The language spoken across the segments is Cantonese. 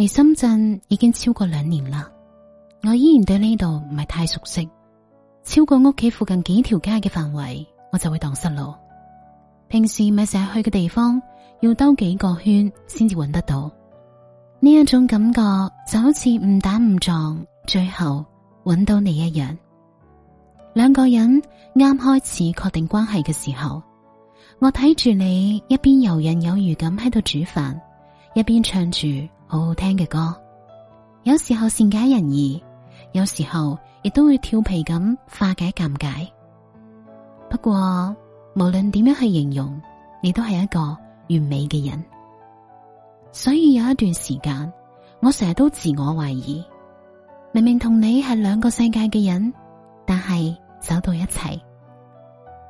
嚟深圳已經超過兩年啦，我依然對呢度唔係太熟悉。超過屋企附近幾條街嘅範圍，我就會蕩失路。平時咪成日去嘅地方，要兜幾個圈先至揾得到。呢一種感覺就好似誤打誤撞，最後揾到你一樣。兩個人啱開始確定關係嘅時候，我睇住你一邊游刃有餘咁喺度煮飯，一邊唱住。好好聽嘅歌，有時候善解人意，有時候亦都會調皮咁化解尷尬。不過無論點樣去形容，你都係一個完美嘅人。所以有一段時間，我成日都自我懷疑，明明同你係兩個世界嘅人，但係走到一齊，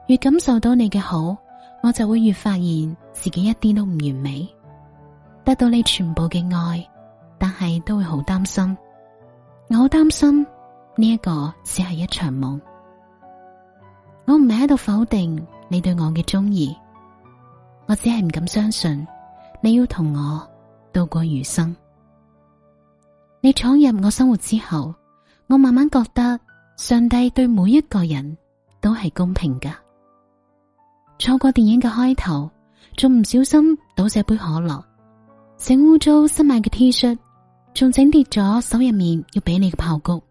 越感受到你嘅好，我就會越發現自己一啲都唔完美。得到你全部嘅愛，但係都會好擔心。我好擔心呢一個只係一場夢。我唔係喺度否定你對我嘅中意，我只係唔敢相信你要同我度過餘生。你闖入我生活之後，我慢慢覺得上帝對每一個人都係公平噶。錯過電影嘅開頭，仲唔小心倒瀉杯可樂。整污糟新買嘅 T 恤，仲整跌咗手入面要俾你嘅炮谷。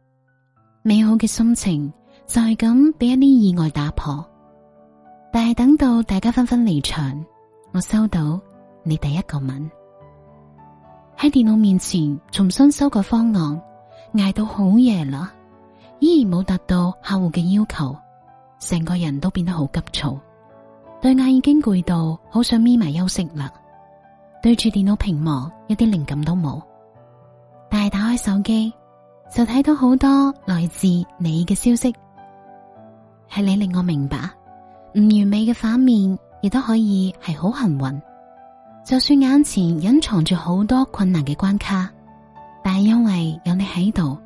美好嘅心情就係咁俾一啲意外打破。但係等到大家紛紛離場，我收到你第一個吻。喺電腦面前重新修改方案，捱到好夜啦，依然冇達到客戶嘅要求，成個人都變得好急躁，對眼已經攰到好想眯埋休息啦。對住電腦屏幕，一啲靈感都冇，但係打開手機就睇到好多來自你嘅消息。係你令我明白唔完美嘅反面亦都可以係好幸運，就算眼前隱藏住好多困難嘅關卡，但係因為有你喺度，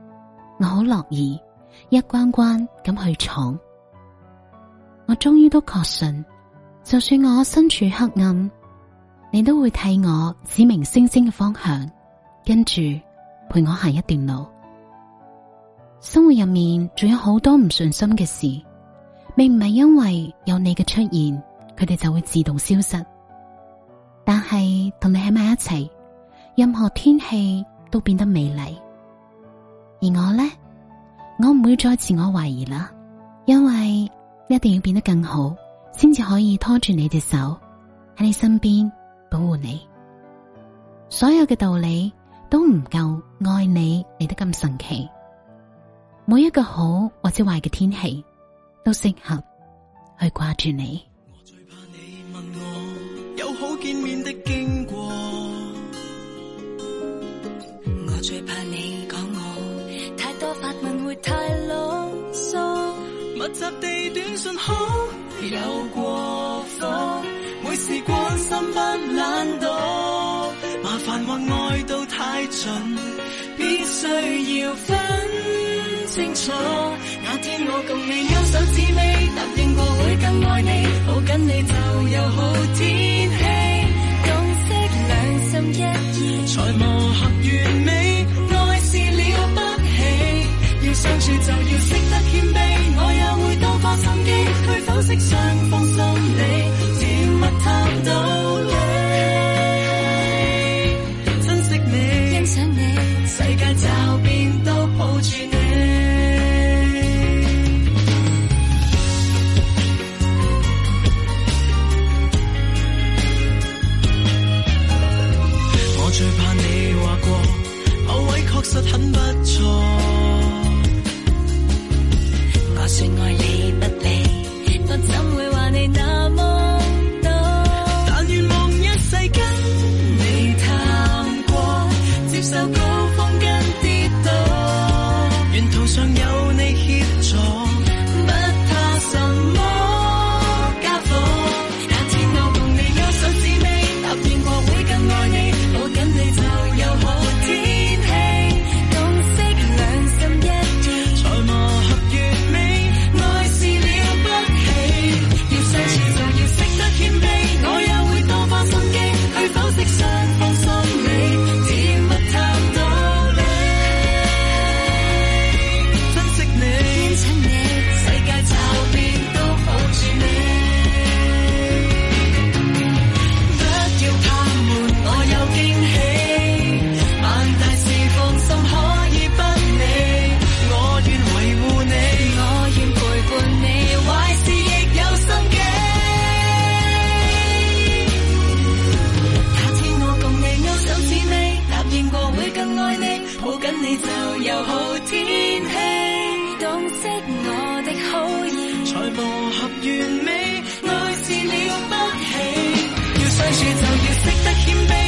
我好樂意一關關咁去闖，我終於都確信，就算我身處黑暗，你都會替我指明星星嘅方向，跟住陪我行一段路。生活入面仲有好多唔順心嘅事，未唔係因為有你嘅出現，佢哋就會自動消失。但係同你喺埋一齊，任何天氣都變得美麗。而我呢，我唔會再自我懷疑啦，因為一定要變得更好，先至可以拖住你隻手，喺你身邊保護你，所有嘅道理都唔夠愛你嚟得咁神奇。每一個好或者壞嘅天氣，都適合去掛住你。我最怕你問我有好見面的經過， 我最怕你講我太多發問會太囉嗦，密集地短信號有過分。不懶惰，麻煩或愛到太盡，必須要分清楚。那 天我共你勾手指尾，答應過會更愛你，抱緊你就有好天氣。共識兩心一致，才磨合完美，愛是了不起。要相處就要識得謙卑，我也會多花心機，是否識？抱緊你就有好天氣，懂識我的好意，才磨合完美。愛是 了不起， 要相處就要識得謙卑。